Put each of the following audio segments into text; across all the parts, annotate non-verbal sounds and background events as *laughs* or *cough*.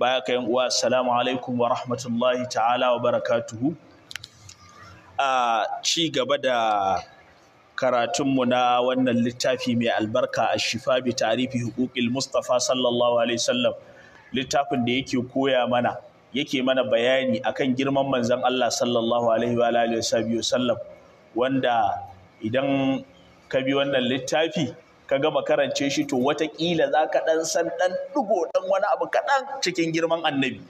baya ka yin uwa assalamu alaikum wa rahmatullahi ta'ala wa barakatuhu a ci gaba da karatunmu na wannan littafi mai albarka a shifa bi tarifi hukukil mustafa sallallahu alaihi sallam. littafin da yake koya mana yake mana bayani akan girman manzon Allah sallallahu alaihi wa alihi wanda idan ka bi wannan littafi ka gama karance shi to watakila za ka ɗan san ɗan ɗigo ɗan wani abu kaɗan cikin girman annabi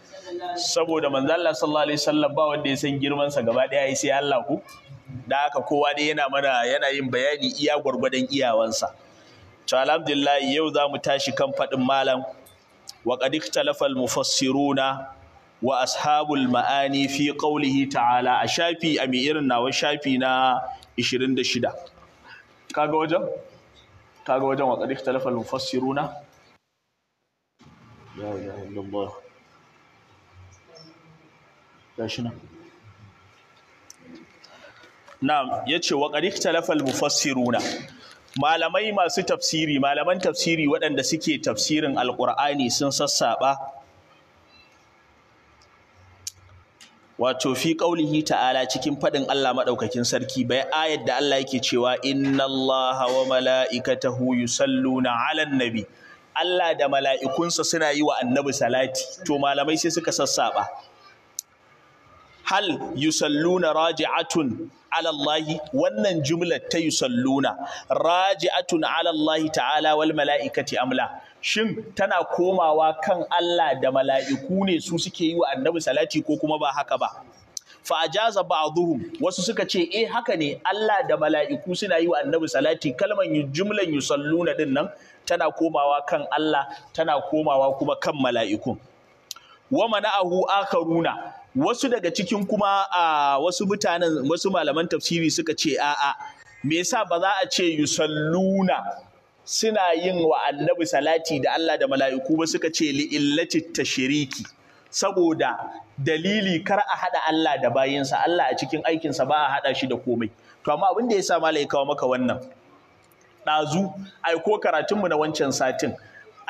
saboda manzo Allah sallallahu alaihi wasallam ba wanda ya san girmansa gaba ɗaya sai Allah ku da haka kowa dai yana mana yana yin bayani iya gwargwadon iyawansa to alhamdulillah yau za mu tashi kan faɗin malam wa qad ikhtalafa al-mufassiruna wa ashabul ma'ani fi qawlihi ta'ala a shafi a irin nawa shafi na 26 kaga wajen kaga wajen wa qad ikhtalafa mufassiruna la ilaha illallah na'am yace mufassiruna malamai masu tafsiri malaman tafsiri waɗanda suke tafsirin alqur'ani sun sassaba wato fi qaulihi ta'ala cikin faɗin Allah madaukakin sarki bai ayar da Allah yake cewa inna Allaha wa mala'ikatahu yusalluna 'alan nabi Allah da mala'ikunsa suna yi wa annabi salati to malamai sai suka sassaba hal yusalluna raji'atun alallahi wannan jumlar ta yusalluna raji'atun alallahi ta'ala wal mala'ikati amla shin tana komawa kan Allah da mala'iku ne su suke yi wa annabi salati ko kuma ba haka ba fa ajaza ba'dhum wasu suka ce eh haka ne Allah da mala'iku suna yi wa annabi salati kalman jumlan yusalluna din nan tana komawa kan Allah tana komawa kuma kan mala'iku wa mana'ahu akaruna wasu daga cikin kuma a wasu mutanen wasu malaman tafsiri suka ce a'a me yasa ba za a ce yusalluna suna yin wa annabi salati da Allah da mala'iku ba suka ce li'illaci tashriki saboda dalili kar a haɗa Allah da bayinsa Allah a cikin aikinsa ba a haɗa shi da komai to amma abin da ya sa malai kawo maka wannan ɗazu ai ko karatunmu na wancan satin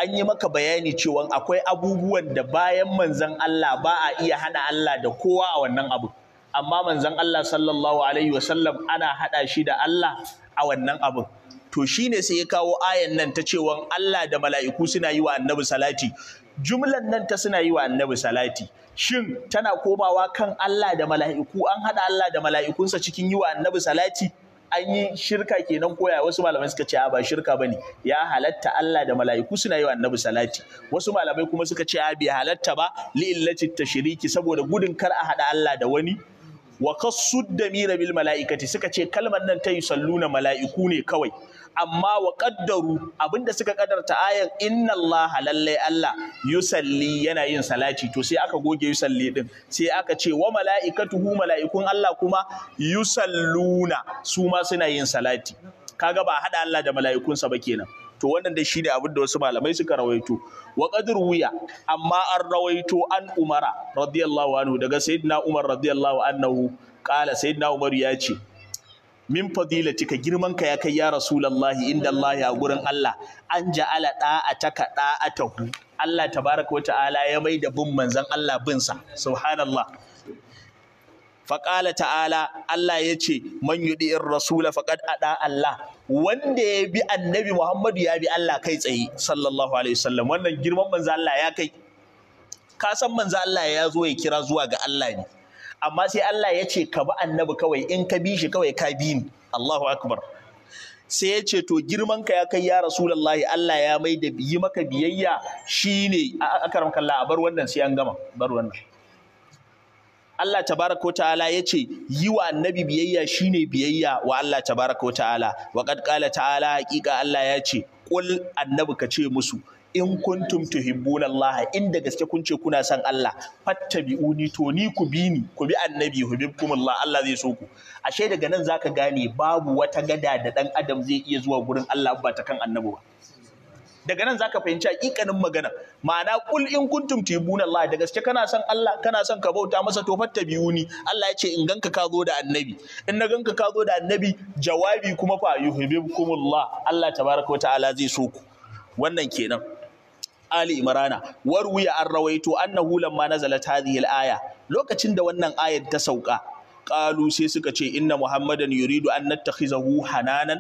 an yi maka bayani cewa akwai abubuwan da bayan manzan Allah ba a iya hana Allah da kowa a wannan abu amma manzan Allah sallallahu alaihi wasallam ana hada shi da Allah a wannan abu. to shi ne sai ya kawo ayan nan ta cewa Allah da mala'iku suna yi wa annabi salati jumlan nan ta suna yi wa annabi salati shin tana komawa kan Allah da mala'iku an hada Allah da mala'ikunsa cikin yi wa annabi salati an yi shirka kenan koya wasu malamai suka ce ba shirka bane ya halatta Allah da mala'iku suna yi wa annabi salati wasu malamai kuma suka ce a bai halatta ba li illati tashriki saboda gudun kar a hada Allah da wani wa kasud damira bil mala'ikati suka ce kalmar nan ta yi salluna mala'iku ne kawai amma wa qaddaru abinda suka ƙadarta ayan inna Allah lallai Allah yusalli yana yin salati to sai aka goge yusalli din sai aka ce wa malaikatuhu malaikun Allah kuma yusalluna su ma suna yin salati kaga ba hada Allah da malaikunsa ba kenan to wannan dai shine abin da wasu malamai suka rawaito wa wuya amma an rawaito an umara radiyallahu anhu daga sayyidina umar radiyallahu anhu kala sayyidina umar ya ce min fadilatika girman ka ya kai ya rasulullahi inda Allah ya gurin Allah an ja'ala da'ataka da'atahu Allah tabaraka wa ta'ala ya mai da bin manzon Allah bin sa subhanallah faƙala ta'ala Allah ya ce man yuɗi in rasula faƙad aɗa Allah wanda ya bi annabi Muhammadu ya bi Allah kai tsaye sallallahu alaihi wasallam wannan girman manzo Allah ya kai ka san manzo Allah ya zo ya kira zuwa ga Allah ne amma sai Allah ya ce ka bi annabi kawai in ka bi shi kawai ka bi ni Allahu akbar sai ya ce to girman ka ya kai ya rasulullahi Allah ya mai da yi maka biyayya shine karam kallah a bar wannan sai an gama bar wannan Allah tabaraka wa ta'ala ya ce yi wa annabi biyayya shine biyayya wa Allah tabaraka wa ta'ala wa qad qala ta'ala haqiqa Allah ya ce qul annabi ka ce musu in kuntum tuhibbuna Allah in da gaske kun ce kuna son Allah fattabi'uni to ni ku bi ni ku bi annabi hubibkum Allah Allah zai so ku ashe daga nan zaka gane babu wata gada da dan adam zai iya zuwa gurin Allah ba ta kan annabi ba daga nan zaka fahimci hakikanin magana ma'ana kul in kuntum tuhibbuna Allah da gaske kana son Allah kana son ka bauta masa to fattabi'uni Allah ya ce in ganka ka zo da annabi in na ganka ka zo da annabi jawabi kuma fa yuhibbukum Allah Allah tabaraka wa ta'ala zai so ku wannan kenan Ali Imrana warwiya an rawaito annahu lamma nazalat hadhihi al-aya lokacin da wannan ayar ta sauka qalu sai suka ce inna muhammadan yuridu an nattakhizahu hananan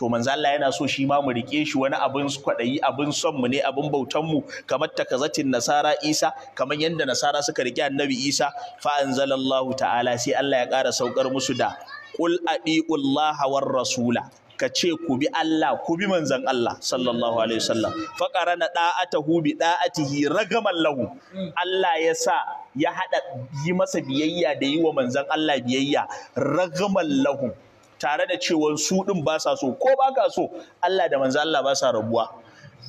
to manzo Allah yana so shi ma mu rike shi wani abin kwadayi abin son mu ne abin bautan mu kamar takazatin nasara Isa kamar yanda nasara suka rike annabi Isa fa anzalallahu ta'ala sai Allah ya ƙara saukar musu da qul adiqullaha war rasula ka ce ku bi Allah ku bi manzan Allah sallallahu alaihi wasallam fa qarana da'atahu bi da'atihi ragaman lahu Allah ya sa ya hada yi masa biyayya da yi wa manzan Allah biyayya ragaman lahu tare da cewa su din ba sa so ko ba ka so Allah da manzan Allah ba sa rabuwa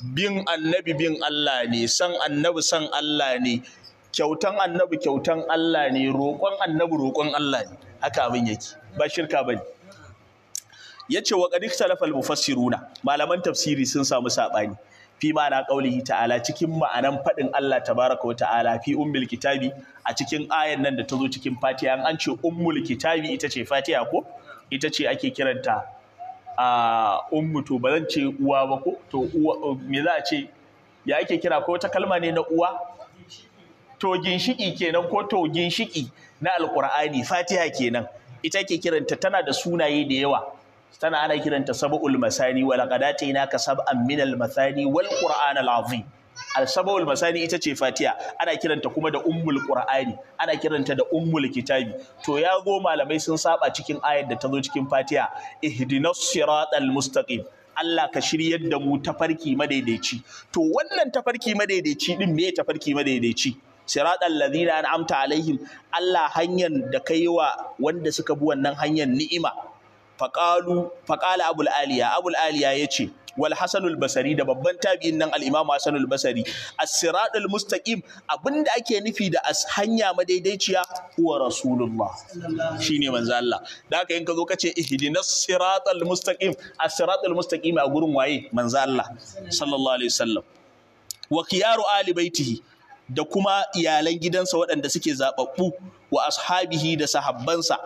bin annabi bin Allah ne san annabi san Allah ne kyautan annabi kyautan Allah ne roƙon annabi roƙon Allah ne haka abin yake ba shirka bane Ya ce wa qad ikhtalafa al-mufassiruna malaman tafsiri sun samu saɓani. fi ma'ana ƙaulihi ta'ala cikin ma'anan faɗin Allah tabaraka wa ta'ala fi ummul kitabi a cikin ayan nan da ta zo cikin Fatiha an ce ummul kitabi ita ce Fatiha ko ita ce ake kiranta a ummu to ba zan ce uwa ba ko to uwa me za a ce ya ake kira ko wata kalma ne na uwa to ginshiki kenan ko to ginshiki na alqur'ani Fatiha kenan ita ake kiranta tana da sunaye da yawa tana ana kiranta sab'ul masani wa laqad atainaka sab'an min masani wal qur'an al azim al sab'ul masani ita ce fatiha ana kiranta kuma da ummul qur'ani ana kiranta da ummul kitabi to ya zo malamai sun saba cikin ayar da ta zo cikin fatiha ihdinas siratal mustaqim Allah ka shiryar da mu tafarki madaidaici to wannan tafarki madaidaici din me tafarki madaidaici siratal ladina an'amta alaihim Allah hanyar da kai wa wanda suka bi wannan hanyar ni'ima faƙalu faƙala abul aliya abul aliya ya ce wal hasanul basari da babban tabi'in nan al-imam hasanul basari as-siratul mustaqim abinda ake nufi da as hanya madaidaiciya huwa rasulullah shine manzo Allah da haka in ka zo ka ce ihdinas siratal mustaqim as-siratul mustaqim a gurin waye manzo Allah sallallahu alaihi wasallam wa khiyaru ali baitihi da kuma iyalan gidansa waɗanda suke zaɓaɓɓu wa ashabihi da sahabbansa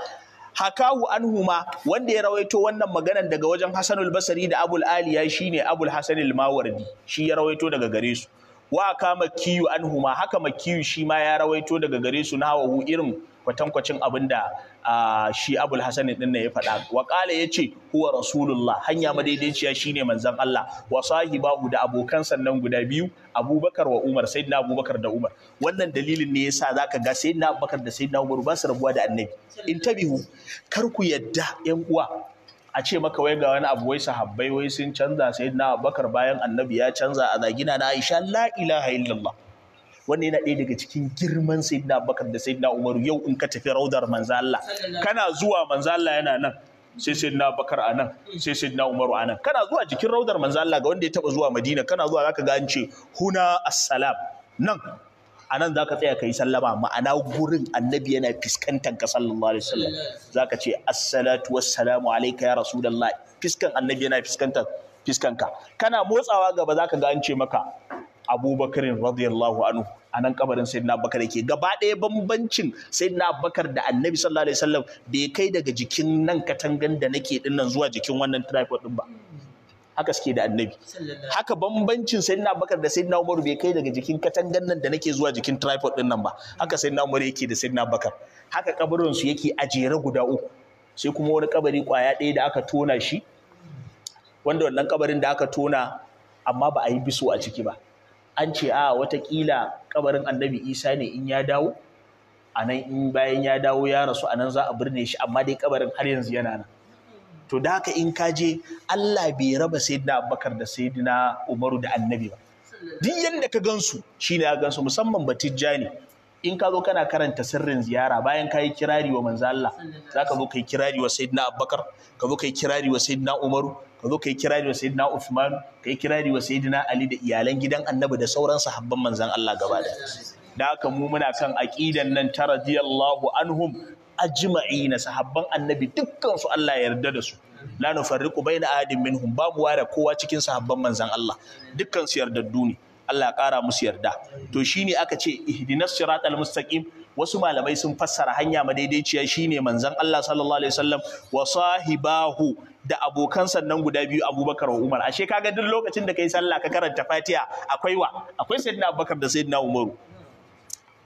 hakahu anhuma wanda ya rawaito wannan maganan daga wajen Hasanul Basri da Abul Aliya shine Abul Hasanil Mawardi shi ya rawaito daga gare su wa kama kiyu anhuma haka makiyu shi ma ya rawaito daga gare su na hawahu irin kwatankwacin abin da shi abul hasan din ne ya faɗa wa ya yace huwa rasulullah hanya madaidaiciya shine manzon Allah wa sahibahu da abokan sannan guda biyu abubakar wa umar sayyidina abubakar da umar wannan dalilin ne yasa zaka ga sayyidina abubakar da sayyidina umar ba su rabuwa da annabi in tabihu kar ku yadda yan uwa a ce maka wai ga wani abu wai sahabbai wai sun canza sayyidina abubakar bayan annabi ya canza a zagina na aisha la ilaha illallah wannan yana ɗaya daga cikin girman sayyidina Abubakar da sayyidina Umaru yau in ka tafi raudar manzo kana zuwa manzo yana nan sai sayyidina Abubakar a nan sai sayyidina Umaru a nan kana zuwa jikin raudar manzo ga wanda ya taba zuwa Madina kana zuwa zaka ga an ce huna assalam nan a nan zaka tsaya ka yi sallama ma'ana gurin annabi yana fiskantar ka sallallahu alaihi wasallam zaka ce assalatu wassalamu alayka ya rasulullah fiskan annabi yana fiskantar fiskanka kana motsawa gaba zaka ga an ce maka Abubakar radiyallahu anhu a nan kabarin Sayyidina Abubakar yake gaba ɗaya bambancin Sayyidina Abubakar da Annabi sallallahu alaihi wasallam bai kai daga jikin nan katangan da nake dinnan zuwa jikin wannan tripod din ba haka suke da annabi haka bambancin sayyidina abubakar da sayyidina umar bai kai daga jikin katangan nan da nake zuwa jikin tripod din nan ba haka sayyidina umar yake da sayyidina abubakar haka kabarin su yake a jere guda uku sai kuma wani kabari kwaya ɗaya da aka tona shi wanda wannan kabarin da aka tona amma ba a yi biso a ciki ba an ce a ah, watakila kabarin annabi isa ne in ya dawo a nan in bayan ya dawo ya rasu a nan za a birne shi amma dai kabarin har yanzu yana nan to da haka in ka je allah bai raba sayyidina abubakar da sayyidina umaru da annabi ba duk yadda ka gansu shine ya gansu musamman batijja ne in ka zo kana karanta sirrin ziyara bayan ka yi kirari wa manzo Allah za ka zo ka yi kirari wa sayyidina abubakar ka zo ka yi kirari wa sayyidina umaru ka zo ka yi kirari wa sayyidina Uthman yi kirari wa sayyidina Ali da iyalan gidan Annabi da sauran sahabban manzan Allah gaba da da haka mu muna kan aqidan nan ta radiyallahu anhum ajma'ina sahabban Annabi dukkan su Allah ya yarda da su la nufarriqu baina ahadin minhum babu ware kowa cikin sahabban manzon Allah dukkan su yarda duni, Allah ya kara musu yarda to shine aka ce ihdinas siratal mustaqim wasu malamai sun fassara hanya madaidaiciya shine manzan Allah sallallahu alaihi wasallam wa sahibahu da abokan sannan guda biyu Abubakar wa Umar ashe kaga duk lokacin da ka kai sallah ka karanta Fatiha akwai wa akwai Sayyidina Abubakar da Sayyidina Umaru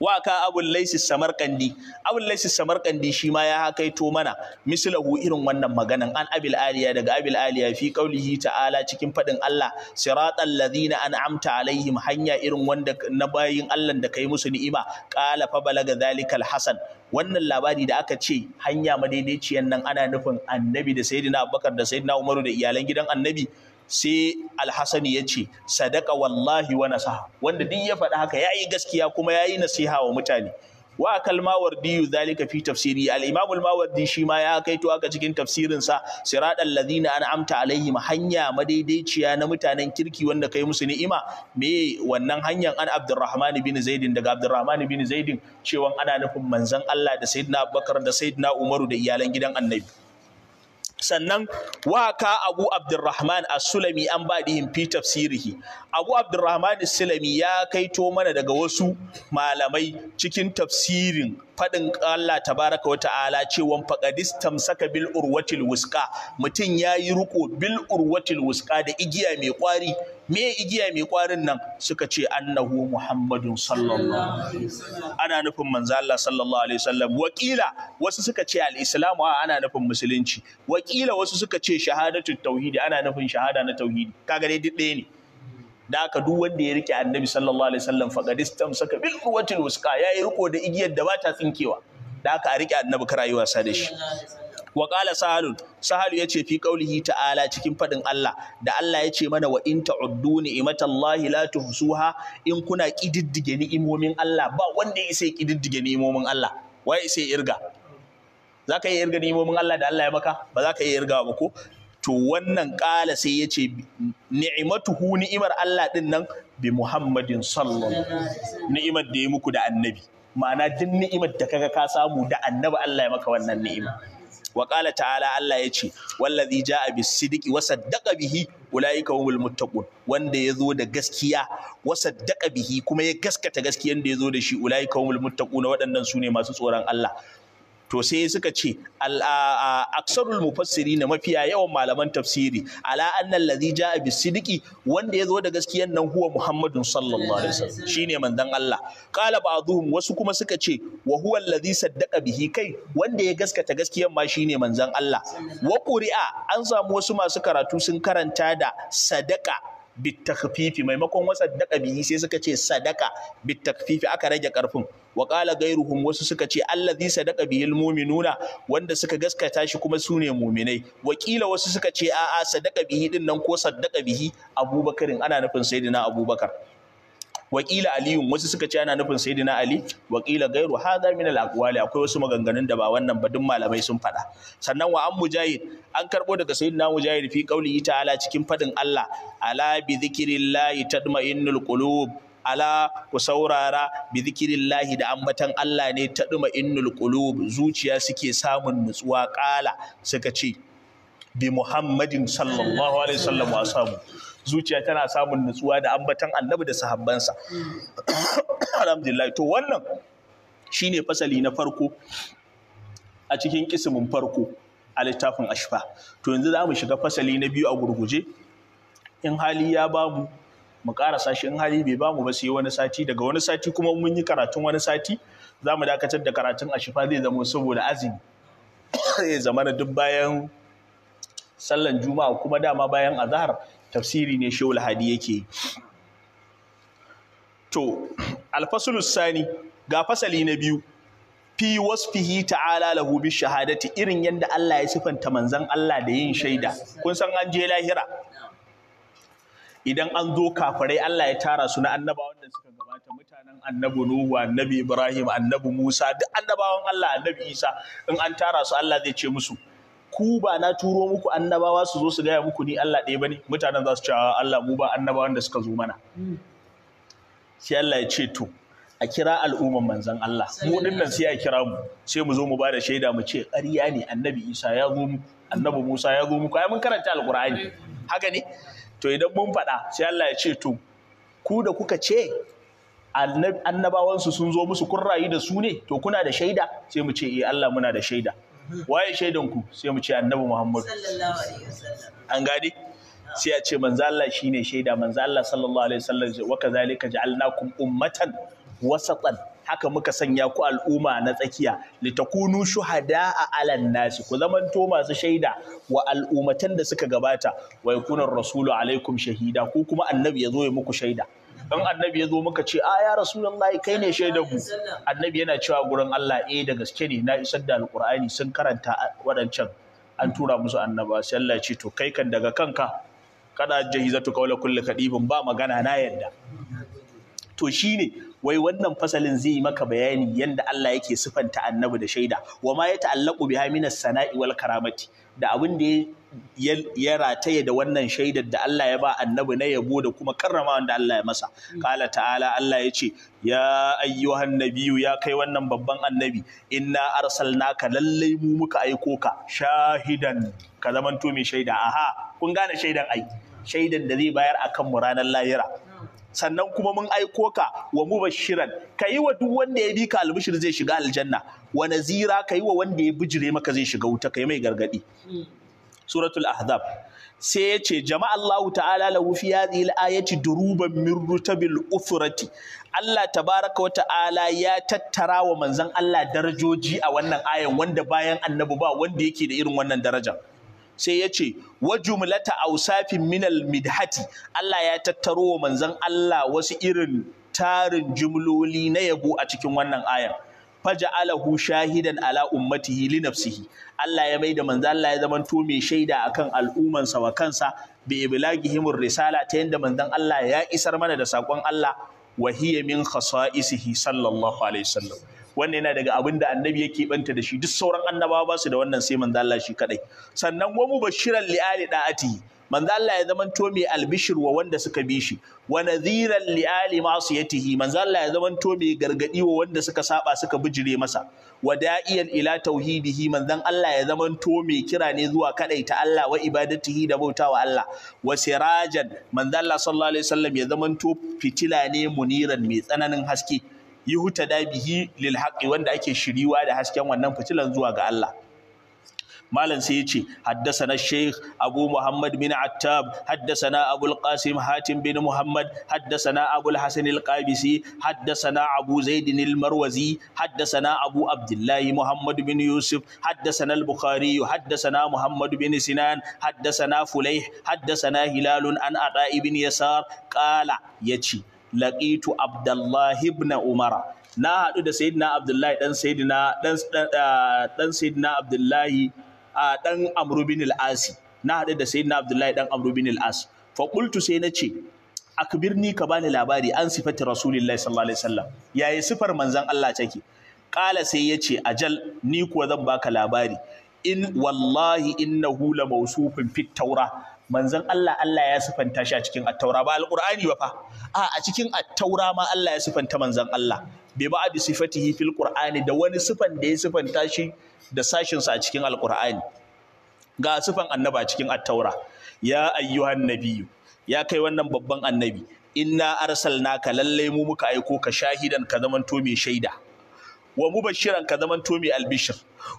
waka ka abul laisi samarkandi abul laisi samarkandi shi ma ya hakaito mana mislahu irin wannan maganan an abil aliya daga abil aliya fi qaulihi ta'ala cikin fadin Allah siratal ladina an'amta alaihim hanya irin wanda na bayin Allah da kai musu ni'ima qala fa balaga zalikal hasan wannan labari da aka ce hanya madaidaiciyan nan ana nufin annabi da sayyidina abubakar da sayyidina umaru da iyalan gidan annabi sai alhassani ya ce sadaka wallahi wa nasaha wanda duk ya faɗi haka ya yi gaskiya kuma ya yi nasiha wa mutane wa kalmawardi zalika fi tafsiri al-imam al-mawardi shi ma ya kaito haka cikin tafsirin sa siratal ladina an'amta alaihim hanya madaidaiciya na mutanen kirki wanda kai musu ni'ima me wannan hanyar an abdurrahman bin zaidin daga abdurrahman bin zaidin cewa ana nufin manzon Allah da sayyidina abubakar da sayyidina umaru da iyalan gidan annabi sannan waka abu abdurrahman as-sulami an ba yin fi tafsirihi abu abdurrahman as-sulami ya kaito mana daga wasu malamai cikin tafsirin faɗin Allah tabaraka wata'ala cewan faqadis saka bil urwatil wuska mutum ya yi ruko bil urwatil wuska da igiya mai ƙwari. me igiya mai kwarin nan suka ce annahu muhammadun sallallahu alaihi ana nufin manzo Allah sallallahu alaihi wasallam wakila wasu suka ce al-islamu ana nufin musulunci wakila wasu suka ce shahadatu tauhidi ana nufin shahada na tauhidi kaga dai duk ɗaya ne da aka duk wanda ya rike annabi sallallahu alaihi wasallam faqad saka bil quwwatil wuska yayi riko da igiyar da ba ta tsinkewa da aka rike annabi karayuwa sa da shi wa qala sahalun sahal yace fi qaulihi ta'ala cikin fadin Allah da Allah yace mana wa in ta'uddu ni'matallahi la tuhsuha in kuna kididdige ni'imomin Allah ba wanda ya sai kididdige ni'imomin Allah wai sai irga zaka yi irga ni'imomin Allah da Allah ya maka ba za ka yi irga ba ko to wannan ƙala sai ya ce ni'imatuhu ni'imar Allah ɗin nan bi Muhammadin sallallahu ni'imar da ya muku da annabi ma'ana duk ni'imar da kaga ka samu da annabi Allah ya maka wannan ni'ima Waƙala ta'ala Allah yace wallazi jaa bis sidqi wa saddaqa bihi ulaika humul muttaqun wanda yazo da gaskiya wa saddaqa bihi kuma ya gaskata gaskiyan da zo da shi ulaika humul muttaqun waɗannan sune masu tsoron Allah to sai suka ce aksarul mufassiri na mafiya yawan malaman tafsiri ala Lazija ja a bisidiki wanda zo da gaskiyan nan huwa muhammadun sallallahu alaihi wasallam shine manzon Allah qala ba'dhum wasu kuma suka ce wa huwa alladhi saddaqa bihi kai wanda ya gaskata gaskiyan ma shine manzan Allah wa quri'a an samu wasu masu karatu sun karanta da sadaka bitakfifi maimakon wasa daka bihi sai suka ce sadaka bitakfifi aka rage karfin wa qala wasu suka ce allazi sadaka bihil mu'minuna wanda suka gaskata shi kuma su ne mu'minai wakila wasu suka ce a'a sadaka bihi din nan ko sadaka bihi abubakarin ana nufin sayyidina abubakar wakila aliyun wasu suka ce ana nufin sayyidina ali wakila gairu hadha min al-aqwali akwai wasu maganganun da ba wannan ba duk malamai sun faɗa sannan wa an mujahid an karbo daga sayyidina mujahid fi qauli ta'ala cikin fadin Allah ala bi dhikrillahi tadma'innul qulub ala ku saurara bi zikirillahi da ambatan Allah ne ta ɗuma qulub zuciya suke samun nutsuwa ƙala suka ce bi Muhammadin sallallahu alaihi wasallam wa zuciya tana samun nutsuwa da ambatan annabi da sahabbansa *coughs* alhamdulillah to wannan shine fasali na farko a cikin kisimin farko a littafin ashfa to yanzu za mu shiga fasali na biyu a gurguje in hali ya bamu mu karasa shi in hali bai bamu ba sai wani sati daga wani sati kuma mun yi karatun wani sati za mu dakatar da karatun ashfa zai zama saboda azumi *coughs* zai zama duk bayan sallan juma'a kuma dama bayan azhar tafsiri ne shi hadi yake yi. to alfasulus sani ga fasali na biyu fi wasfihi ta'ala lahu bi shahadati irin yadda Allah ya sifanta manzon Allah da yin shaida kun san an je lahira idan an zo kafarai Allah ya tara su na annabawan da suka gabata mutanen annabi Nuhu annabi Ibrahim annabi Musa duk annabawan Allah annabi Isa in an tara su Allah zai ce musu ku ba na turo muku annabawa su zo su gaya muku ni Allah ɗaya bane mutanen za su ce Allah mu ba annabawan da suka zo mana sai Allah ya ce to a kira al'umman manzan Allah mu dinnan sai a kira mu sai mu zo mu bada shaida mu ce ƙarya ne annabi Isa ya zo muku, annabi Musa ya zo muku ai mun karanta alqur'ani haka ne to idan mun faɗa sai Allah ya ce to ku da kuka ce annabawansu sun zo musu kun rayu da su ne to kuna da shaida sai mu ce eh Allah muna da shaida waye shaidan ku sai mu ce annabi Muhammadu? an gane sai a ce manzo Allah shine shaida manzo Allah sallallahu alaihi wasallam wa kazalika ja'alnakum ummatan wasatan haka muka sanya ku al'umma na tsakiya litakunu shuhada a alan nasi ku zamanto masu shaida wa al'ummatan da suka gabata wa yakuna rasulu alaikum shahida ko kuma annabi ya zo ya muku shaida in annabi ya zo muka ce a ya rasulullahi kai ne shaidar mu annabi yana cewa gurin Allah eh da gaske ne na isar da alqur'ani sun karanta waɗancan, an tura musu annaba sai Allah ya ce to kai kan daga kanka kada jahizatu kaula kulli kadibun ba magana na yadda to shine wai wannan fasalin zai yi maka bayani yadda Allah yake sifanta annabi da shaida wa ma ya ta'allaqu biha minas sana'i wal karamati da abin da ya ya rataye da wannan shaidar da Allah ya ba annabi na yabo da kuma karrama wanda Allah ya masa kala mm. ta'ala Allah ya ce ya ayyuhan nabiyu ya kai wannan babban annabi inna arsalnaka lallai mu muka aiko ka shahidan ka zamanto mai shaida aha kun gane shaidan ai shaidan da zai bayar akan mu ranar lahira sannan kuma mun aiko ka wa mu bashiran, ka yi wa duk wanda ya bi ka albishir zai shiga aljanna wa nazira ka yi wa wanda ya bijire maka zai shiga wuta ka yi mai gargadi mm. suratul ahzab sai ya ce jama'a Allah ta'ala lahu fi hadhihi al-ayati duruban min rutabil ufrati Allah tabaraka wa ta'ala ya tattara wa manzon Allah darajoji a wannan ayan wanda bayan annabi ba wanda yake da irin wannan daraja sai ya ce wa jumlata ausafin minal midhati Allah ya tattaro wa manzon Allah wasu irin tarin jumloli na yabo a cikin wannan ayan faja'alahu shahidan ala ummatihi li nafsihi Allah ya maida manzo Allah ya zamanto mai shaida akan al'umman wa kansa bi iblagihim risala ta yanda manzo Allah ya isar mana da sakon Allah wa hiya min khasa'isihi sallallahu alaihi wasallam wannan yana daga abin da annabi yake banta da shi duk sauran annabawa ba su da wannan sai manzo Allah shi kadai sannan wa mubashiran li ali da'atihi manzo Allah ya zamanto mai albishir wa wanda suka bi shi wa nadhiran li ali ma'siyatihi manzo Allah ya zamanto mai gargadi wa wanda suka saba suka bijire masa wa da'iyan ila tauhidihi manzon Allah ya zamanto mai kira ne zuwa kadaita Allah wa ibadatihi da bautawa Allah wa sirajan manzo Allah sallallahu alaihi wasallam ya zamanto fitila ne muniran mai tsananin haske yuhta dabihi lil haqqi wanda ake shiriwa da hasken wannan fitilan zuwa ga Allah malam sai yace haddathana shaykh abu muhammad bin attab haddathana abu alqasim hatim bin muhammad haddathana abu alhasan alqabisi haddathana abu zaid almarwazi haddathana abu abdullah muhammad bin yusuf haddathana al-bukhari haddathana muhammad bin sinan haddathana fulayh haddathana hilal an Ibin ibn yasar qala yace laqitu abdullah ibn umara na haɗu da sayidina abdullahi abdullahi A ɗan bin al na haɗu da sayyidina abdullahi dan amru bin al-as fa qultu sai nace akbirni ka bani labari an sifati rasulillahi sallallahu alaihi wasallam yayi sifar manzon Allah take Ƙala sai ya yace ajal ni kuwa zan baka labari in wallahi innahu la mawsufun fit taura manzon Allah Allah ya sifanta shi a cikin attaura, taura ba al-qur'ani ba fa a a cikin attaura ma Allah ya sifanta manzon Allah bi ba'di sifatihi fil qur'ani da wani sifan da ya sifanta shi da sashin sa a cikin alqur'ani ga sifan annaba cikin at-taura ya ayyuhan nabiyyu ya kai wannan babban annabi inna arsalnaka lalle mu muka aiko ka shahidan ka zamanto mai shaida wa mubashiran ka zamanto mai albishir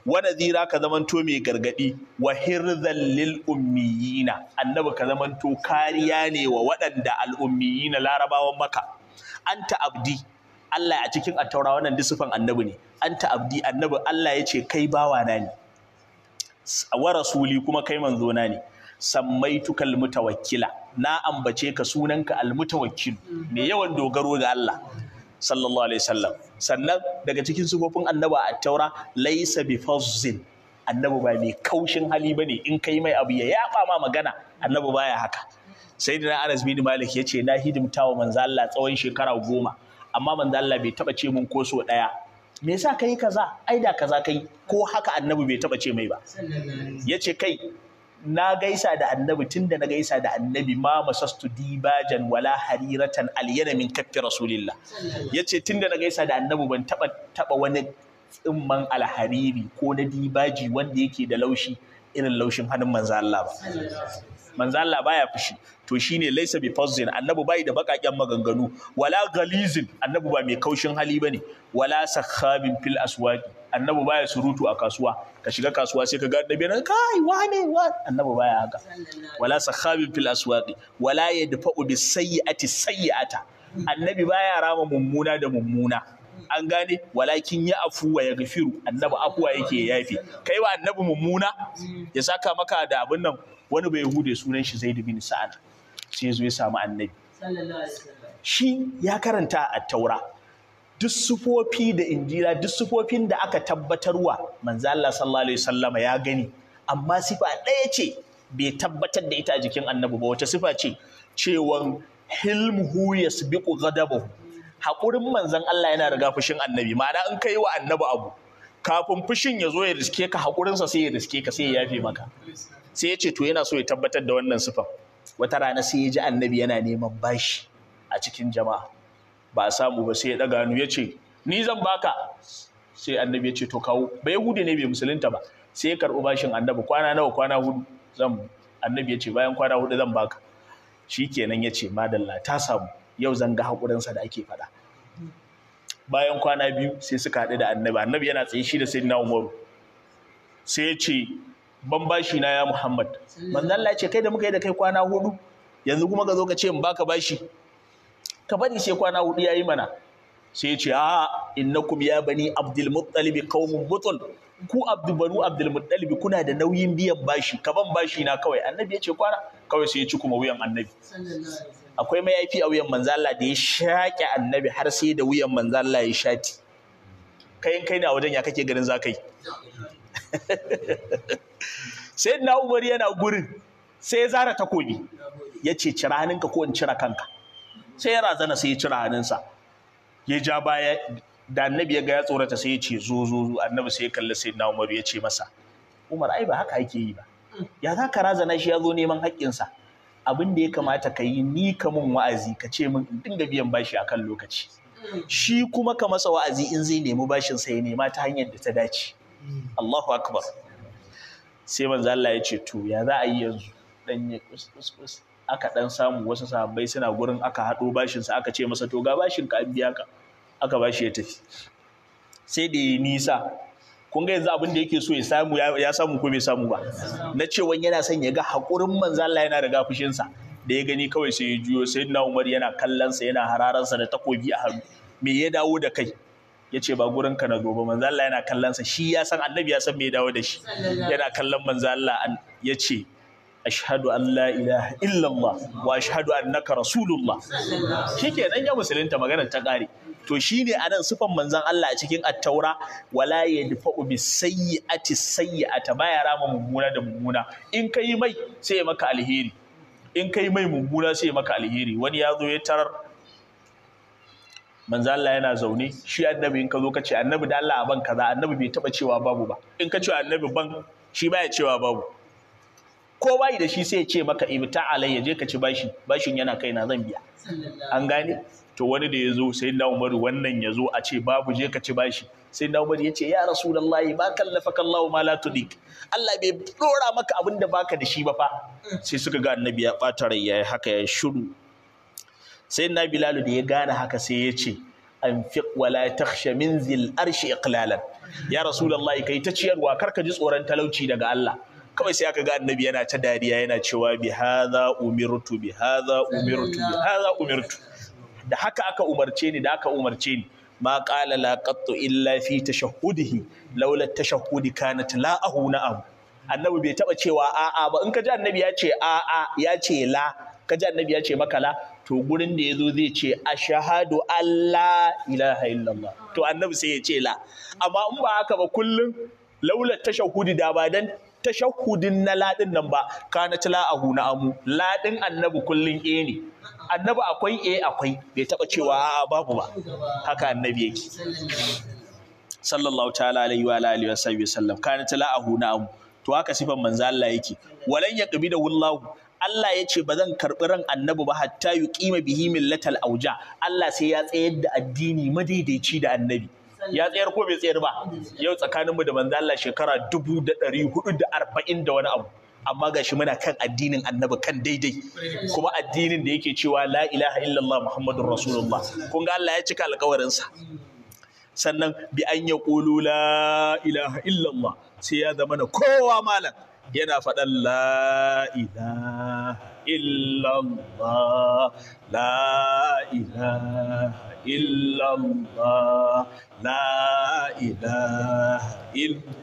wa nadhira ka zamanto mai gargadi wa hirzan lil ummiyina annabi ka zamanto kariya ne wa waɗanda al ummiyina larabawan maka anta abdi Allah a cikin attaura wannan disufan annabi ne anta abdi annabi Allah ya ce kai bawa na ne wa rasuli kuma kai manzo na ne ta wakila. na ambace ka sunanka almutawakkil me yawan dogaro ga Allah sallallahu alaihi wasallam sannan daga cikin sufofin annaba a taura laisa bi fazzin annabi ba mai kaushin hali bane in kai mai abu ya yaba ma magana annabi baya haka sayyidina Anas bin Malik yace na wa manzo Allah tsawon shekara goma amma manzo Allah bai taba ce mun ko so daya me yasa kai kaza ai da kaza kai ko haka annabi bai taba ce mai ba yace kai na gaisa da annabi tunda na gaisa da annabi ma masastu dibajan wala hariratan alyana min kaffi rasulillah yace tunda na gaisa da annabi ban taba taba wani tsimman alhariri ko na dibaji wanda yake da laushi irin laushin hannun manzo Allah ba manzo baya fushi to shine laysa bi fazzin annabi bai da bakaken maganganu wala galizin annabi ba mai kaushin hali bane wala sakhabin fil aswaqi annabi baya surutu a kasuwa ka shiga kasuwa sai ka ga dabe nan kai wane wa annabi baya haka wala sakhabin fil aswaqi wala yadfa'u bis sayyi'ati sayyi'ata annabi baya rama mummuna da mummuna an gane walakin ya afu wa ya gafiru annabi afuwa yake yafi kai wa annabi mummuna ya saka maka da abin nan wani bai hude sunan shi zai bin sa'ad sai zo ya samu annabi shi ya karanta a taura duk sufofi da injila duk sufofin da aka tabbatarwa manzo Allah sallallahu alaihi wasallam ya gani amma sifa ɗaya ce bai tabbatar da ita a jikin annabi ba wata sifa ce cewan hilmuhu yasbiqu ghadabahu haƙurin manzon Allah yana riga fushin annabi ma'ana in kai wa annabi abu kafin fushin ya zo ya riske ka haƙurinsa sai ya riske ka sai ya yafe maka sai ya ce to yana so ya tabbatar da wannan sifan wata rana sai ya ji annabi yana neman bashi a cikin jama'a ba a samu ba sai ya ɗaga hannu ya ce ni zan baka sai annabi ya ce to kawo ba yahudi ne bai musulunta ba sai ya karɓi bashin annabi kwana nawa kwana hudu zan annabi ya ce bayan kwana hudu zan baka shikenan ya ce madalla ta samu yau zan ga haƙurinsa da ake faɗa bayan kwana biyu sai suka haɗu da annabi annabi yana tsaye shi da na umaru sai ya ce ban bashi na ya Muhammad Manzan ce kai da muka yi da kai kwana hudu yanzu kuma ka zo ka ce in baka bashi ka bari sai kwana hudu yi mana sai ya ce a innakum ya bani Abdul Muttalib qaumun butul ku Abdul Banu Abdul Muttalib kuna da nauyin biyan bashi ka ban bashi na kawai annabi ya ce kwana kawai sai ya ci kuma wuyan annabi akwai mayafi a wuyan Manzala da ya shaƙe annabi har sai da wuyan Manzala ya shati Kayan kai na wajen ya kake ganin yi? *laughs* sai na umar yana gurin sai ya zara takobi ya ce cira hannunka ko in cira kanka sai ya razana sai ya cira hannunsa ya ja baya da annabi ya ga ya tsorata sai ya ce zo zo zo annabi sai ya kalli sai na umar ya ce masa umar ai ba haka ake yi ba ya za ka razana shi ya zo neman haƙƙinsa abin da ya kamata ka yi ni ka mun wa'azi ka ce min in dinga biyan bashi akan lokaci shi kuma ka masa wa'azi in zai nemi bashin sa ya nema ta hanyar da ta dace Allahu akbar sai manzo Allah ya ce to ya za a yi yanzu dan ya kuskus aka dan samu wasu sahabbai suna gurin aka hado bashin sa aka ce masa to ga bashin ka an biya ka aka bashi ya tafi sai da yi nisa kun ga yanzu abin da yake so ya samu ya samu ko bai samu ba na ce wani yana son ya ga hakurin manzo Allah yana da gafushin sa da ya gani kawai sai ya juyo sai na Umar yana kallon sa yana hararan sa da takobi a hannu me ya dawo da kai ya ce ba gurin ka na gobe manzo Allah yana kallon sa shi ya san annabi ya san me ya dawo da shi yana kallon manzo Allah ya ce ashhadu an la ilaha illallah wa ashhadu annaka rasulullah dan ya musulunta magana ta kare to shi shine anan sufan manzon Allah a cikin at-taura wala yadfa'u bi sayyi'ati sayyi'ata ya rama mummuna da mummuna in kai mai sai maka alheri in kai mai mummuna sai maka alheri wani ya zo ya tarar manzo Allah yana zaune shi annabi in ka zo ka ce annabi da Allah a ban kaza annabi bai taba cewa babu ba in ka ce annabi ban shi baya cewa babu ko bai da shi sai ya ce maka ibta alayya je ka ci bashi bashin yana kai na zan biya an gane to wani da ya zo sai na umaru wannan ya zo a ce babu je ka ci bashi sai na umaru ya ce ya rasulullahi ba kallafa kallahu ma la tudik Allah bai dora maka abin da baka da shi ba fa mm. sai suka ga annabi ya bata rai yayi haka ya shiru na bilalu da ya gane haka sai ya ce anfiq wala takhsha min zil arshi iklalan ya rasulullahi kai ta ciyarwa karka ji tsoron talauci daga Allah kawai sai aka ga annabi yana ta dariya yana cewa bi hadha umirtu bi hadha umirtu bi umirtu da haka aka umarce ni da aka umarce ni ma qala la qattu illa fi tashahhudihi laula tashahhudi kanat la ahuna abu annabi bai taba cewa a'a ba in ka ji annabi ya ce a'a ya ce la ka ji annabi ya ce maka la to gurin da ya zo zai ce a shahadu Allah ilaha illallah to annabi sai ya ce la amma in ba haka ba kullum laula shahudi da ba dan shahudin na ladin nan ba kana tala ahu na amu ladin annabi kullum e ne annabi akwai e akwai bai taba cewa a babu ba haka annabi yake sallallahu ta'ala alaihi wa alihi wa sallam kana tala ahu na amu to haka sifan manzo Allah yake walan yaqbidu da wallahu Allah ya ce ba zan karɓi ran annabi ba hatta yuqima bihi millatal auja Allah sai ya tsayar da addini madaidaici da annabi ya tsayar ko bai tsayar ba yau tsakaninmu da manzo Allah shekara dubu da ɗari hudu da arba'in da wani abu amma gashi muna kan addinin annabi kan daidai kuma addinin da yake cewa la ilaha illallah muhammadur rasulullah kun ga Allah ya cika alƙawarinsa sannan bi an ya la ilaha illallah sai ya zama na kowa malam yana fadan la ilaha illallah la ilaha illallah la ilaha illallah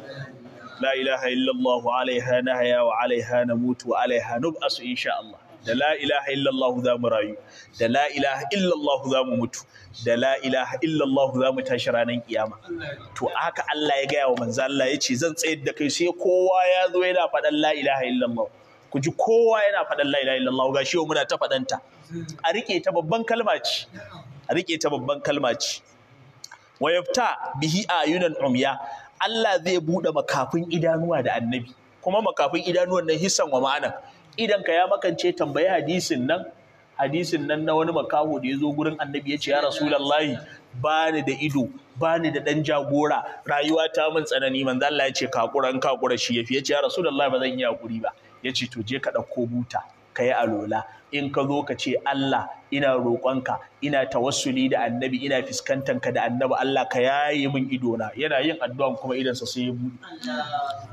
لا إله إلا الله وعليها نهيا وعليها نموت وعليها نبأس إن شاء الله da la ilaha illallah za mu rayu da la ilaha illallah za mu mutu da la ilaha illallah za mu tashi ranar kiyama to haka Allah ya gaya wa manzo Allah ya ce zan tsayar da kai sai kowa ya zo yana faɗan la ilaha illallah ku ji kowa yana faɗan la ilaha illallah gashi muna ta faɗanta a rike ta babban kalma ce a rike ta babban kalma ce wa yafta bihi ayunan umya Allah zai buɗe makafin idanuwa da annabi kuma makafin idanuwan nan hissan wa ma'ana Idan ka ya makance tambayi hadisin nan hadisin nan na wani makaho da ya zo gurin annabi ya ce ya rasulallahi ba ni da ido ba ni da ɗan jagora rayuwa ta min tsanani man zalla ya ce in kakura shi yafi ya ce ya rasulallahi ba zan iya hakuri ba ya ce to je ka ɗauko buta ka yi alola in ka zo ka ce Allah ina roƙonka ina tawassuli da annabi ina fiskantanka da annabi Allah ka yaye min idona yana yin addu'an kuma idansa sai ya buɗe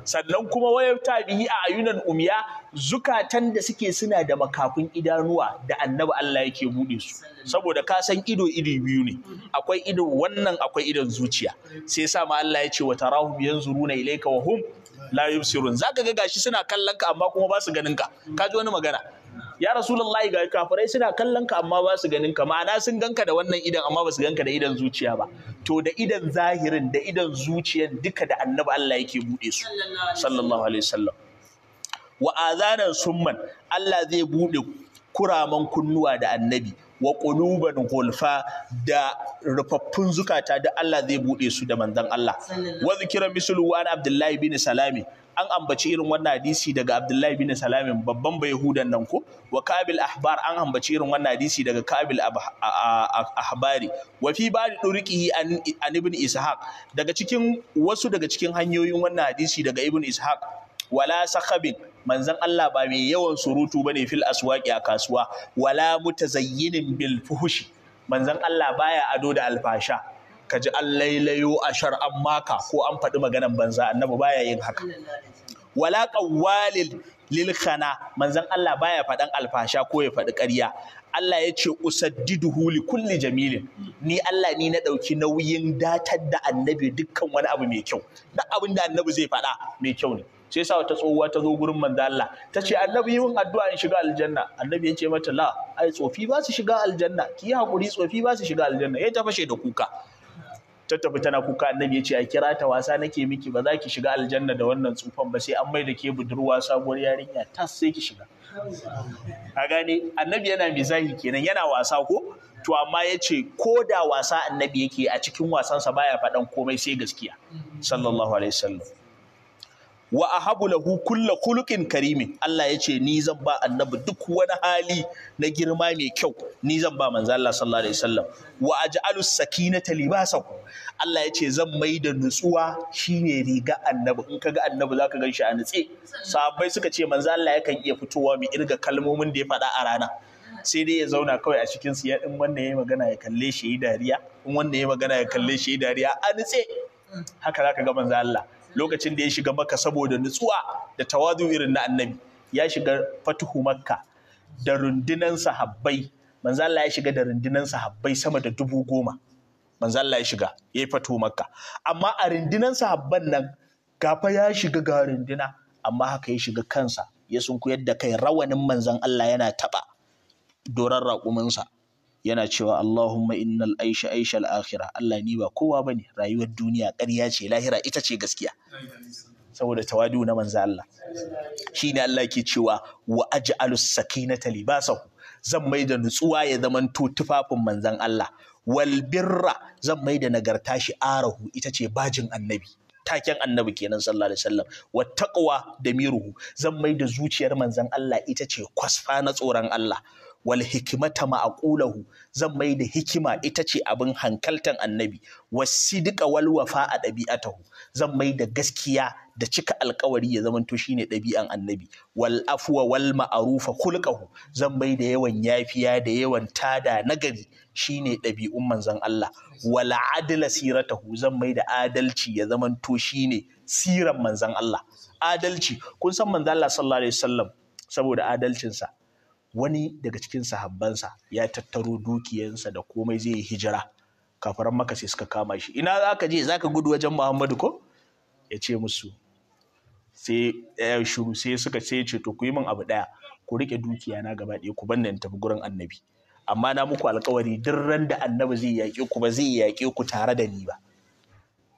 sannan kuma wayar biyi a ayunan umya zukatan da suke suna da makafin idanuwa da annabi Allah yake buɗe su saboda ka san ido iri biyu ne akwai ido wannan akwai idon zuciya sai sa ma Allah ya ce wa tarahum yanzuruna ilayka wa hum la yubsirun zaka ga gashi suna kallon ka amma kuma ba su ganin ka ka ji wani magana ya rasulullahi ga kafirai suna kallon ka amma ba su ganin ka ma'ana sun ganka da wannan idan amma ba su ganka da idan zuciya ba to da idan zahirin da idan zuciyan duka da annabi Allah yake bude su sallallahu alaihi wasallam wa azanan summan Allah zai bude kuraman kunnuwa da annabi wa quluban gulfa da rufaffun zukata da Allah zai bude su da manzon Allah wa zikira mislu wa Abdullahi bin Salami an ambaci irin wannan hadisi daga Abdullahi bin Salamin babban bayahudan nan ko wa Kabil Ahbar an ambaci irin wannan hadisi daga Kabil Ahbari wa fi bari durqihi an Ibn Ishaq daga cikin wasu daga cikin hanyoyin wannan hadisi daga Ibn Ishaq wala sakhabin manzon Allah ba mai yawan surutu bane fil aswaqi a kasuwa wala mutazayyinin bil fuhushi manzon Allah baya ado da alfasha ka ji an lailayo a shar'an maka ko an faɗi maganan banza annabi baya yin haka wala qawwalil lil khana manzon Allah baya faɗan alfasha ko ya faɗi ƙarya Allah ya ce usaddiduhu li kulli jamilin ni Allah ni na ɗauki nauyin datar da annabi dukkan wani abu mai kyau duk abin da annabi zai faɗa mai kyau ne sai sa wata tsohuwa ta zo gurin manzo Allah ta ce annabi yi min addu'a in shiga aljanna annabi ya ce mata la ai tsofi ba su shiga aljanna ki hakuri tsofi ba su shiga aljanna ya ta fashe da kuka ta tana kuka annabi ya ce a kira ta wasa nake miki ba za ki shiga aljanna da wannan tsufan ba sai an mai da ke budurwa sabuwar yarinya tas sai ki shiga a gane annabi yana mizahi kenan yana wasa ko to amma ya ce ko da wasa annabi yake a cikin wasansa baya faɗan komai sai gaskiya sallallahu alaihi wasallam wa habu lahu kulla kulukin karimin Allah ya ce ni zan ba annabi duk wani hali na girma mai kyau ni zan ba manzo Allah sallallahu alaihi wasallam wa aj'alu sakinata libasahu Allah ya ce zan mai da nutsuwa shine riga annabi in kaga annabi zaka gan shi a nutse sahabbai suka ce manzo Allah yakan iya fitowa mu irga kalmomin da ya faɗa a rana sai dai ya zauna kawai a cikin su ya in wanda yayi magana ya kalle shi dariya in wanda yayi magana ya kalle shi dariya a nutse haka zaka ga manzo Allah lokacin da ya shiga maka saboda nutsuwa da tawadu irin na annabi ya shiga fatuhu makka da rundunan sahabbai manzo Allah ya shiga da rundunan sahabbai sama da dubu goma manzo Allah ya shiga ya yi fatuhu makka amma a rundunan sahabban nan gafa ya shiga ga runduna amma haka ya shiga kansa ya sunkuyar da kai rawanin manzon Allah yana taba doron raƙuminsa yana cewa Allahumma innal aisha aisha al-akhirah Allah ni ba kowa bane rayuwar duniya ƙarya ce lahira ita ce gaskiya saboda tawadu na manzo Allah Shi ne Allah ke cewa wa aj'alu sakinata libasahu zan mai da nutsuwa ya zaman tufafin manzon Allah wal birra zan mai da nagarta shi arahu ita ce bajin annabi taken annabi kenan sallallahu alaihi wasallam wa taqwa da miruhu zan mai da zuciyar manzon Allah ita ce kwasfa na tsoron Allah wal hikimata ma'aqulahu zan mai da hikima ita ce abin hankaltan annabi wasidika wal wafa a ɗabi'atahu zan mai da gaskiya da cika alkawari ya zamanto shine ɗabi'an annabi wal afwa wal ma'arufa khulqahu zan mai da yawan yafiya da yawan tada nagari shine ɗabi'un manzon Allah wal adla siratahu zan mai da adalci ya zamanto shine siran manzon Allah adalci kun san manzon Allah sallallahu alaihi wasallam saboda adalcinsa wani daga cikin sahabbansa ya tattaro dukiyansa da komai zai yi hijira kafaran maka sai suka kama shi ina za ka je za ka gudu wajen muhammadu ko ya ce musu sai ya shuru sai suka sai ce to ku yi min abu ɗaya ku rike dukiya na gaba ɗaya ku banna tafi gurin annabi amma na muku alkawari duk ran da annabi zai yaƙe ku ba zai yaƙe ku tare da ni ba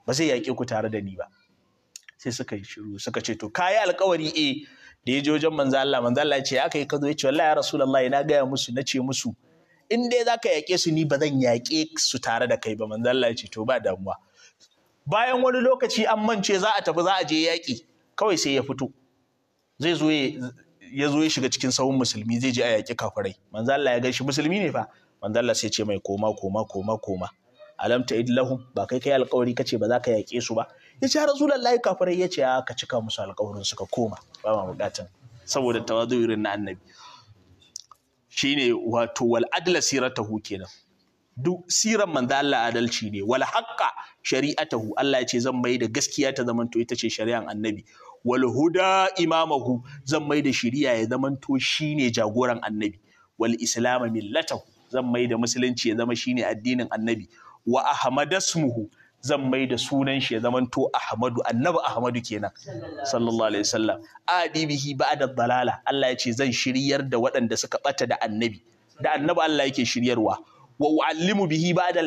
ba zai yaƙe ku tare da ni ba sai suka yi shiru suka ce to kayi alkawari eh da ya je wajen manzo Allah manzo Allah ya ce aka yi kazo ya ce wallahi ya rasulullah ina gaya musu na ce musu in dai zaka yaƙe su ni ba zan yaƙe su tare da kai ba manzo Allah ya ce to ba damuwa bayan wani lokaci an mance za a tafi za a je yaƙi kawai sai ya fito zai zo ya zo ya shiga cikin sahun musulmi zai je a yaƙi kafirai manzo Allah ya gaishe musulmi ne fa manzo Allah sai ce mai koma koma koma koma alam ta lahum ba kai kai alƙawari kace ba za ka yaƙe su ba ya ce layi kafirai ya ce ka cika musu alkawarin suka koma ba ma bukatan saboda tawazu irin na annabi shine wato wal adla siratahu kenan duk siran manzo Allah adalci ne wal haqqa shari'atahu Allah ya ce zan mai da gaskiya ta zamanto ita ce shari'an annabi wal huda imamahu zan mai da shari'a ya zamanto shine jagoran annabi wal islam millatahu zan mai da musulunci ya zama shine addinin annabi wa ahmadasmuhu zan mai da sunan shi ya zamanto Ahmadu annabi Ahmadu kenan sallallahu alaihi wasallam adibihi ba'da dalala Allah ya ce zan shiryar da waɗanda suka bata da annabi da annabi Allah yake shiryarwa wa u'allimu bihi ba'da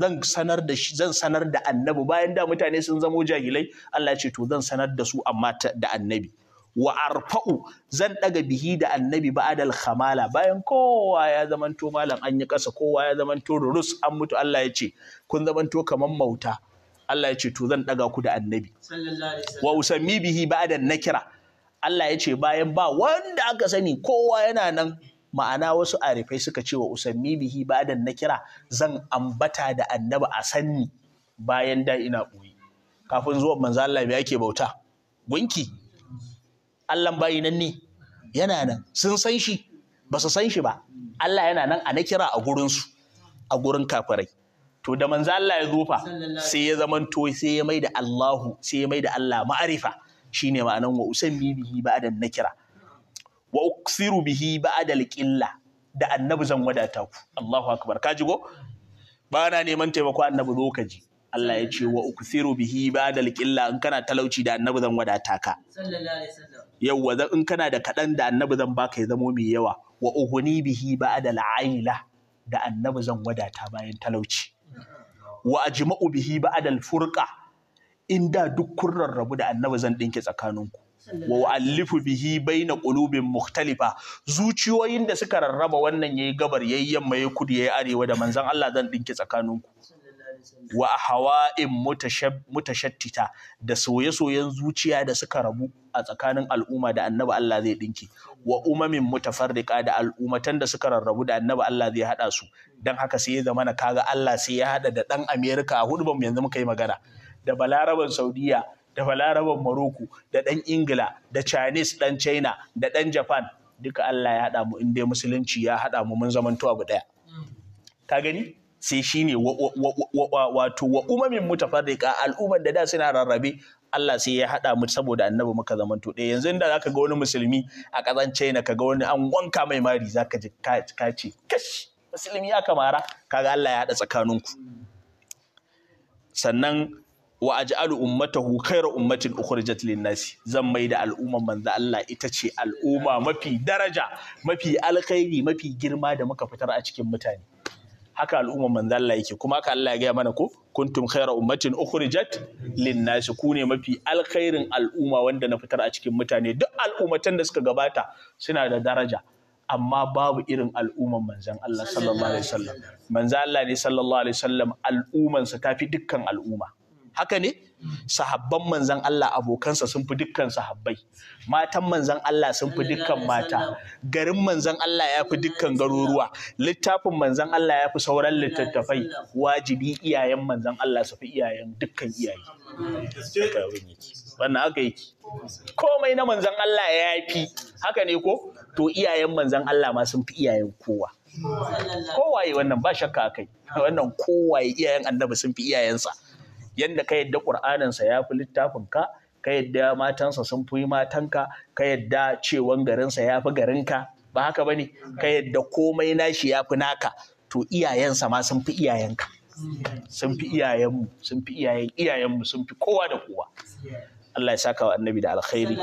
zan sanar da shi zan sanar da annabi bayan da mutane sun zamo jahilai Allah ya ce to zan sanar da su amma da annabi wa arfa'u zan daga bihi da annabi ba'adal khamala bayan kowa ya zamanto malam an yi ƙasa kowa ya zamanto rurus an mutu Allah ya ce kun zamanto kaman mauta Allah ya ce to zan daga ku da annabi wa usammi bihi ba'dan nakira Allah ya ce bayan ba wanda aka sani kowa yana nan ma'ana wasu arifai suka ce wa usammi bihi ba'dan nakira zan ambata da annabi a sanni bayan da ina ɓoye kafin zuwan manzo Allah ake bauta gunki Allahn bayi nan ne yana nan sun san shi ba su san shi ba Allah yana nan a na kira a gurinsu a gurin kafirai to da manzo Allah ya zofa sai ya zamanto sai ya mai da Allahu sai ya mai da Allah ma'arifa shine ma'anan wa usammi bihi ba'da nakira wa uksiru bihi ba'da alqilla da annabi zan wadata ku Allahu akbar ka go ba neman taimako annabi zo ka ji Allah ya ce wa ukthiru bihi badal qilla in kana talauci da annabi zan wadata ka yawwa in kana da kadan da annabi zan baka ya zamo mai yawa wa ughni bihi badal aila da annabi zan wadata bayan talauci wa ajma'u bihi badal furqa in da duk kun rarrabu da annabi zan dinke tsakaninku wa wa'allifu bihi baina qulubin mukhtalifa zuciyoyin da suka rarraba wannan yayi gabar yayi yamma yayi kudu yayi arewa da manzon Allah zan dinke tsakaninku wa hawa'in mutashattita da soye-soyen zuciya da suka rabu a tsakanin al'umma da annaba Allah zai dinki wa umamin mutafarriqa da al'ummatan da suka rarrabu da annaba Allah zai haɗa su Don haka sai ya zama na kaga Allah sai ya haɗa da ɗan Amerika a hudu yanzu muka yi magana da balaraban Saudiya da balaraban Maroko, da ɗan Ingila da Chinese dan China da ɗan Japan duka Allah ya haɗa mu in dai musulunci ya haɗa mu mun zamanto abu ɗaya. ka gani sai shine wato wa umamin tafarrika al'umman da da suna rarrabe Allah sai ya haɗa mu saboda annabi muka zamanta. ɗaya yanzu inda zaka ga wani musulmi a ƙasan China ka ga wani an wanka mai mari zaka ji ka ce kash musulmi ya kamara kaga Allah ya haɗa tsakaninku sannan wa aj'alu ummatahu khayra ummatin ukhrijat lin-nasi zan mai da al'ummar manzo Allah ita ce al'umma mafi daraja mafi alkhairi mafi girma da muka fitar a cikin mutane haka al'ummar Manzalla yake kuma haka Allah ya gaya mana ko kuntum khaira ummatin ukhrijat linnasi ku ne mafi alkhairin al'umma wanda na fitar a cikin mutane duk al'ummatan da suka gabata suna da daraja amma babu irin al'umman Manzan, Allah sallallahu alaihi wasallam manzo Allah ne sallallahu alaihi wasallam al'umman sa tafi dukkan al'umma haka ne sahabban manzan Allah abokansa sun fi dukkan sahabbai matan manzan Allah sun fi dukkan mata garin manzan Allah ya fi dukkan garuruwa littafin manzan Allah ya fi sauran littattafai wajibi iyayen manzan Allah su fi iyayen dukkan iyaye wannan haka yake komai na manzan Allah ya fi haka ne ko to iyayen manzan Allah ma sun fi iyayen kowa kowaye wannan ba shakka kai, wannan kowaye iyayen annabi sun fi iyayensa yadda ka yadda ƙur'aninsa ya fi littafinka ka yadda matansa sun fi matanka ka yadda cewan garinsa ya fi garinka ba haka ba ne ka yadda komai nashi ya fi naka to iyayensa ma sun fi iyayenka sun fi iyayenmu sun fi iyayen iyayenmu sun fi kowa da kowa Allah ya saka wa annabi da alkhairi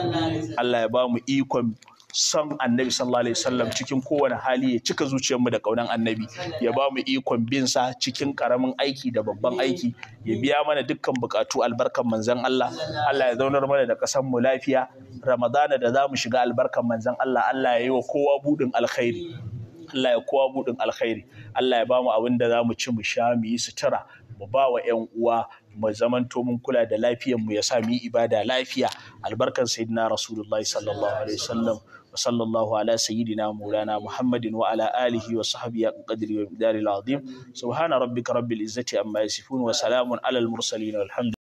Allah ya ba mu ikon son annabi sallallahu alaihi wasallam cikin kowane hali ya cika zuciyarmu da kaunan annabi ya ba mu ikon bin sa cikin karamin aiki da babban aiki ya biya mana dukkan bukatu albarkan manzon Allah Allah ya zaunar mana da kasan mu lafiya Ramadana da za mu shiga albarkan manzon Allah Allah ya yi wa kowa budin alkhairi Allah ya kowa budin alkhairi Allah ya ba mu abin da za mu ci mu sha mu yi sutura mu ba wa 'yan uwa mu zamanto mun kula da lafiyar mu ya sa mu yi ibada lafiya albarkan sayyidina rasulullahi sallallahu alaihi wasallam وصلى الله على سيدنا مولانا محمد وعلى آله وصحبه قدر ومقدار العظيم سبحان ربك رب العزة أما يصفون وسلام على المرسلين والحمد